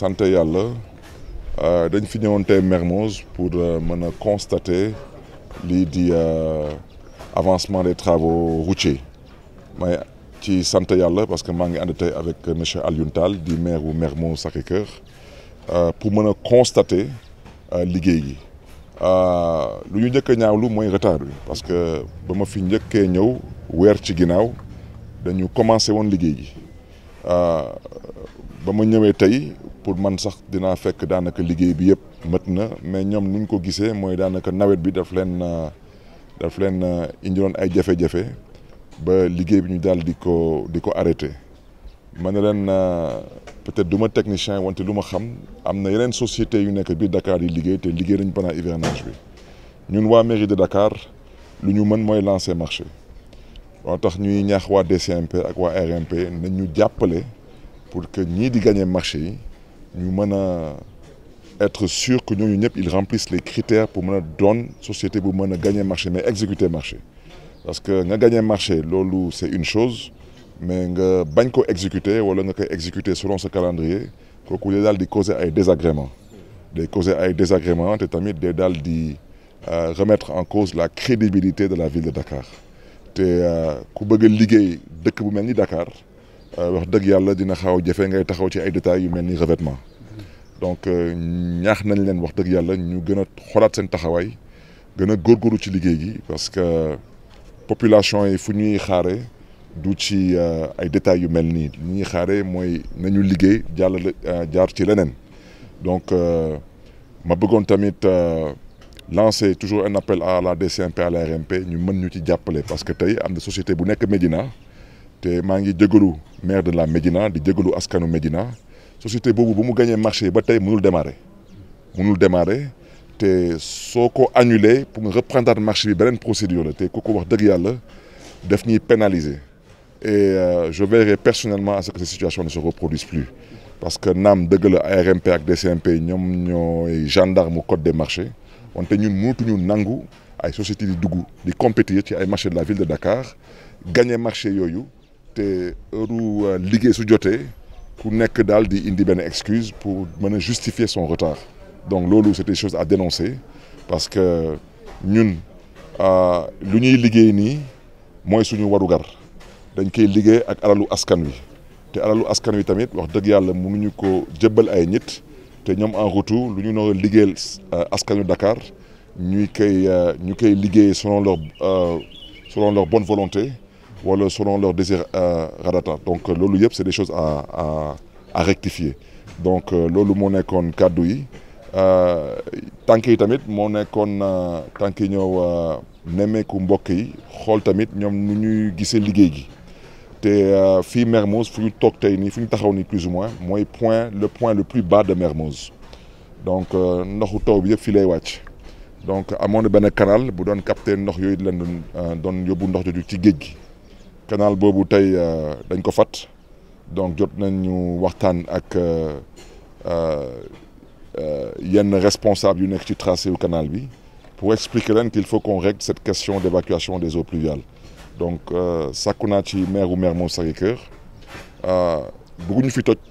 sant yàlla euh, dañ fi ñëwoon tey Mermoz pour euh, mën a constater lii di euh, avancement des travaux routiers may ci sant yàlla parce que maa ngi ànd tey avec monsieur Alioune Tall di maire wu Mermoz Sacré-Cœur pour mën a constater liggéey gi lu ñu njëkk ñaawlu mooy retard bi parce que ba ma fi njëkkee ñëw weer ci ginnaaw dañu commencé woon liggéey gi ba ma ñëwee tey pour man sax dinaa fekk daanaka liggéey bi yëpp mët na mais ñoom ni ko gisee mooy daanaka nawet bi daf leen daf leen indiloon ay jafe-jafe ba liggéey bi ñu daal di ko di ko arrêté ma ne leen peut-être du ma technicien wante lu ma xam am na yeneen société yu nekk biir dakaar yi liggéey te liggéey nañu pendant hivernage bi ñun waa mairie de Dakar lu ñu mën mooy lancer marché moo tax ñuy ñaax waa DCMP ak waa RMP nañ ñu jàppale. pour que ñii di gagner marché yi ñu mën a être sûr que ñooñu ñëpp ils remplissent les critères pour mën a doon société bu mën a gagner marché mais exécuter marché parce que nga gagner marché loolu c'est une chose mais nga bañ ko exécuter wala nga koy exécuter selon ce calendrier kooku day daal di causer ay désagréments day causer ay désagréments te tamit day daal di euh, remettre en cause la crédibilité de la ville de Dakar te euh, ku bëgg liggéey dëkk bu mel ni Dakar Euh, wax dëgg yàlla dina xaw jafe ngay taxaw ci ay détails yu mel nii revêtement donc euh, ñaax nañ leen wax dëgg yàlla ñu gën a xoolaat seen taxawaay gën a góorgóorlu ci liggéey ji parce que population yi fu ñuy xaare du ci euh, ay détails yu mel nii li ñuy xaare mooy nañu liggéey jàllale jaar ci leneen donc ma bëggoon tamit lancer toujours un appel à la DCMP à la RMP ñu mën ñu ci jàppale parce que tey am na société bu nekk Médina te maa ngi jégalu maire de la Médina di jégalu askanu Médina société boobu ba mu gagné marché ba tey mënul démarrer mënul démarrer te soo ko annulé pour nga reprendre marché bi beneen procédure la te ku ko wax dëgg yàlla daf ñuy pénaliser e je veillerai personnellement à ce que cette situation ne se reproduise plus parce que naam dëgg la ARMP ak DCMP ñoom ñooy gendarme code des marchés wante ñun mënatuñu nangu ay société di dugg di compétir ci ay marché de la ville de Dakar yooyu te heure euh, liggéey su jotee ku nekk daal di indi benn excuse pour mën a justifier son retard donc loolu c'est des choses à dénoncer parce que ñun euh, lu ñuy liggéey nii mooy suñu warugar dañ koy liggéey ak alalu askan wi te alalu askan wi tamit wax dëgg yàlla ñu ko jëbbal ay nit te ñoom en retour lu ñu noo askan euh, askanu Dakar ñuy koy ñu koy liggéey selon leur selon leur bonne volonté wala selon leur désir euh, radata donc euh, loolu yëpp c'est des choses à à rectifier donc euh, loolu moo nekkoon kàddu yi tànk yi tamit moo nekkoon tànk yi ñëw nemmeeku mbokk yi xool tamit ñoom nu ñuy gisee liggéey gi te fi meer Mermoz fu ñu toog tey nii fu ñu taxaw nii plus ou moins mooy point le point le plus ba de Mermoz donc ndoxu taw bi yëpp fii lay wàcc. donc amoon na benn canal bu doon capter ndox yooyu di leen doon yóbbu ndox jooju ci géej gi. canal boobu tey euh, dañ ko fat donc jot nañu waxtaan ak euh, euh, yenn responsable yu nekk ci tracé yu canal bi pour expliquer leen qu'il faut qu'on règle cette question d'évacuation des eaux pluviales donc sàkku naa ci maire u Mermoz Sacré-Cœur bëgguñu fi toj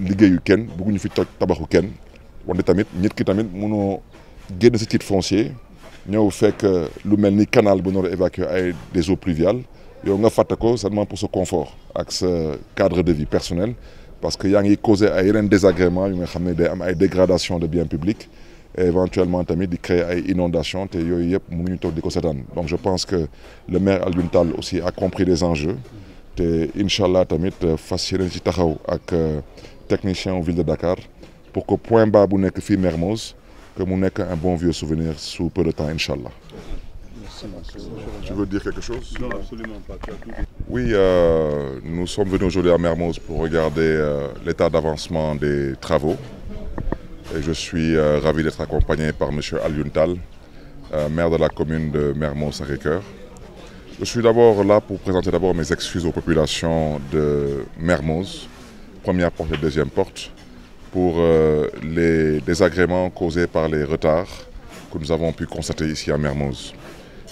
liggéeyu kenn bëgguñu fi toj tabaxu kenn wante tamit nit ki tamit mënoo génn ci titre foncier ñëw fekk lu mel ni canal bu nar a ay des eaux pluviales yow nga fàtte ko seulement pour sa confort ak sa cadre de vie personnel parce que yaa ngi causé ay yeneen désagrément yu nga xam ne day am ay dégradation de bien publics et tamit di créer ay inondations te yooyu yëpp mënuñu toog di ko seetaan donc je pense que le maire Alioune Tall aussi a compris les enjeux te incha allah tamit euh, fas yéene ci taxaw ak euh, technicien ville de Dakar pour que point ba bu nekk fii Mermoz que mu nekk un bon vieux souvenir sous peu de temps incha allah Tu veux dire quelque chose euh, nous sommes venus aujourd'hui à Mermoz pour regarder euh, l'état d'avancement des travaux. Et je suis euh, d'être accompagné par M. Aliuntal, euh, maire de la commune de Mermoz-Sacré-Cœur. Je suis d'abord là pour présenter d'abord mes excuses aux populations de Mermoz, première porte et deuxième porte, pour les désagréments causés par les retards que nous avons pu constater ici à Mermoz.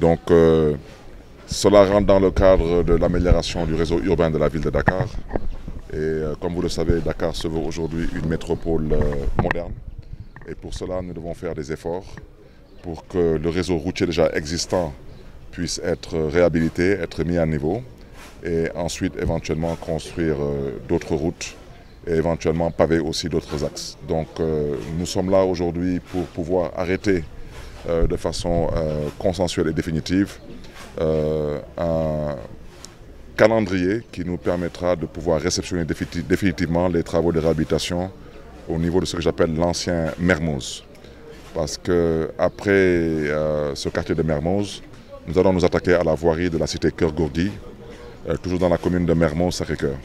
Donc, euh, cela rentre dans le cadre de l'amélioration du réseau urbain de la ville de Dakar. Et euh, comme vous le savez, Dakar se veut aujourd'hui une métropole euh, moderne. Et pour cela, nous devons faire des efforts pour que le réseau routier déjà existant puisse être réhabilité, être mis à niveau, et ensuite éventuellement construire euh, d'autres routes et éventuellement paver aussi d'autres axes. Donc nous sommes là aujourd'hui pour pouvoir arrêter Euh, de façon euh, consensuelle et définitive euh, un calendrier qui nous permettra de pouvoir réceptionner définitivement les travaux de réhabilitation au niveau de ce que j'appelle l'ancien Mermoz. Parce que après euh, ce quartier de Mermoz, nous allons nous attaquer à la voirie de la cité Cœur-Gourgui, toujours dans la commune de Mermoz-Sacré-Cœur.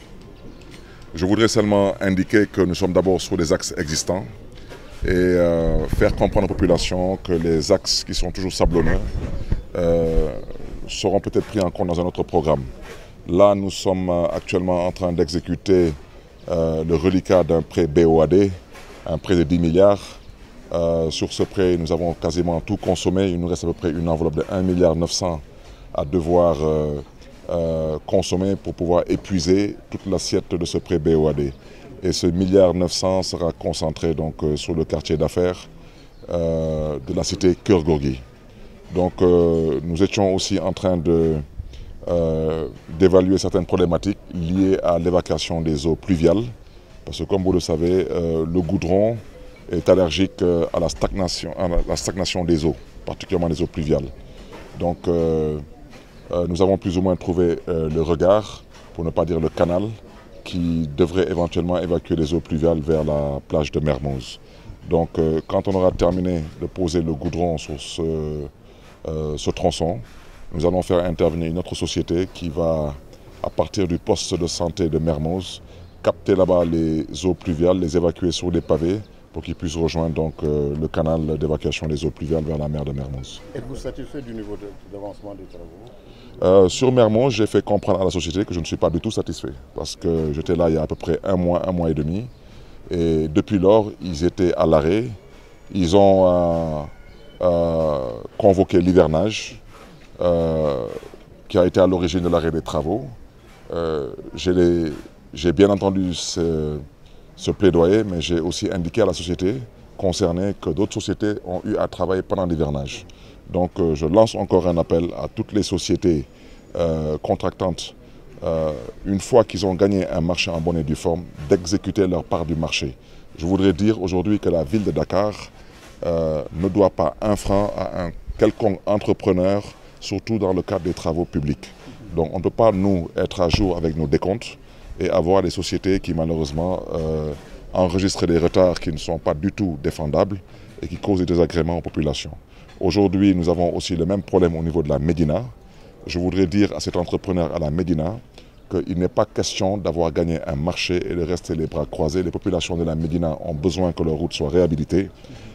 Je voudrais seulement indiquer que nous sommes d'abord sur des axes existants, et euh, faire comprendre aux populations que les axes qui sont toujours sablonneux euh, seront peut-être pris en compte dans un autre programme. Là, nous sommes euh, actuellement en train d'exécuter euh, le reliquat d'un prêt BOAD, un prêt de 10 milliards. Euh, sur ce prêt, nous avons quasiment tout consommé. Il nous reste à peu près une enveloppe de 1 milliard 900 à devoir euh, consommer pour pouvoir épuiser toute l'assiette de ce prêt BOAD. Et ce milliard 900 sera concentré donc euh, sur le quartier d'affaires euh, de la cité Kurgogi. Euh, nous étions aussi en train de euh, d'évaluer certaines problématiques liées à l'évacuation des eaux pluviales. Parce que comme vous le savez, euh, le goudron est allergique à la, stagnation, à la stagnation des eaux, particulièrement les eaux pluviales. Donc nous avons plus ou moins trouvé le regard, pour ne pas dire le canal, qui devrait éventuellement évacuer les eaux pluviales vers la plage de Mermoz. Donc euh, quand on aura terminé de poser le goudron sur ce, euh, ce, tronçon, nous allons faire intervenir une autre société qui va, à partir du poste de santé de Mermoz, capter là-bas les eaux pluviales, les évacuer sur les pavés pour qu'ils puissent rejoindre donc euh, le canal d'évacuation des eaux pluviales vers la mer de Mermoz. Êtes-vous satisfait du niveau d'avancement de, des travaux euh, Sur Mermoz, j'ai fait comprendre à la société que je ne suis pas du tout satisfait parce que j'étais là il y a à peu près un mois, un mois et demi. Et depuis lors, ils étaient à l'arrêt. Ils ont euh, euh convoqué l'hivernage euh, qui a été à l'origine de l'arrêt des travaux. Euh, j'ai bien entendu ce ce plaidoyer, mais j'ai aussi indiqué à la société concernée que d'autres sociétés ont eu à travailler pendant l'hivernage. Donc euh, je lance encore un appel à toutes les sociétés euh, contractantes, euh, une fois qu'ils ont gagné un marché en bonne et due forme, d'exécuter leur part du marché. Je voudrais dire aujourd'hui que la ville de Dakar euh, ne doit pas un franc à un quelconque entrepreneur, surtout dans le cadre des travaux publics. Donc on ne peut pas, nous, être à jour avec nos décomptes, et avoir des sociétés qui malheureusement euh, enregistrent des retards qui ne sont pas du tout défendables et qui causent des désagréments aux populations. Aujourd'hui, nous avons aussi le même problème au niveau de la Médina. Je voudrais dire à cet entrepreneur à la Médina qu'il n'est pas question d'avoir gagné un marché et de rester les bras croisés. Les populations de la Médina ont besoin que leurs routes soient réhabilitées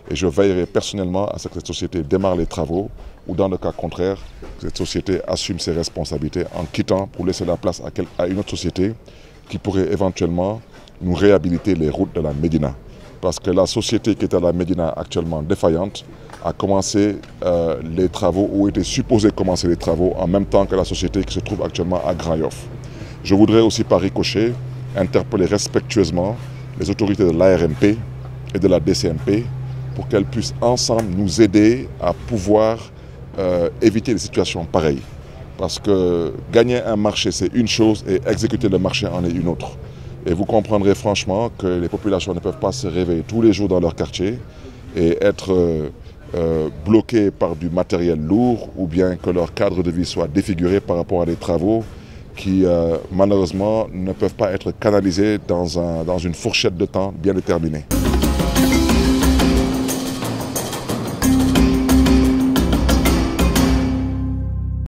et je veillerai personnellement à ce que cette société démarre les travaux ou dans le cas contraire, que cette société assume ses responsabilités en quittant pour laisser la place à, à une autre société qui pourrait éventuellement nous réhabiliter les routes de la Médina. Parce que la société qui est à la Médina actuellement défaillante a commencé euh, les travaux ou était supposée commencer les travaux en même temps que la société qui se trouve actuellement à Grand -Yoff. Je voudrais aussi par ricochet interpeller respectueusement les autorités de l'ARMP et de la DCMP pour qu'elles puissent ensemble nous aider à pouvoir euh, éviter des situations pareilles. Parce que gagner un marché, c'est une chose et exécuter le marché en est une autre. Et vous comprendrez franchement que les populations ne peuvent pas se réveiller tous les jours dans leur quartier et être euh, euh, bloquées par du matériel lourd ou bien que leur cadre de vie soit défiguré par rapport à des travaux qui euh, malheureusement ne peuvent pas être canalisés dans, un, dans une fourchette de temps bien déterminée.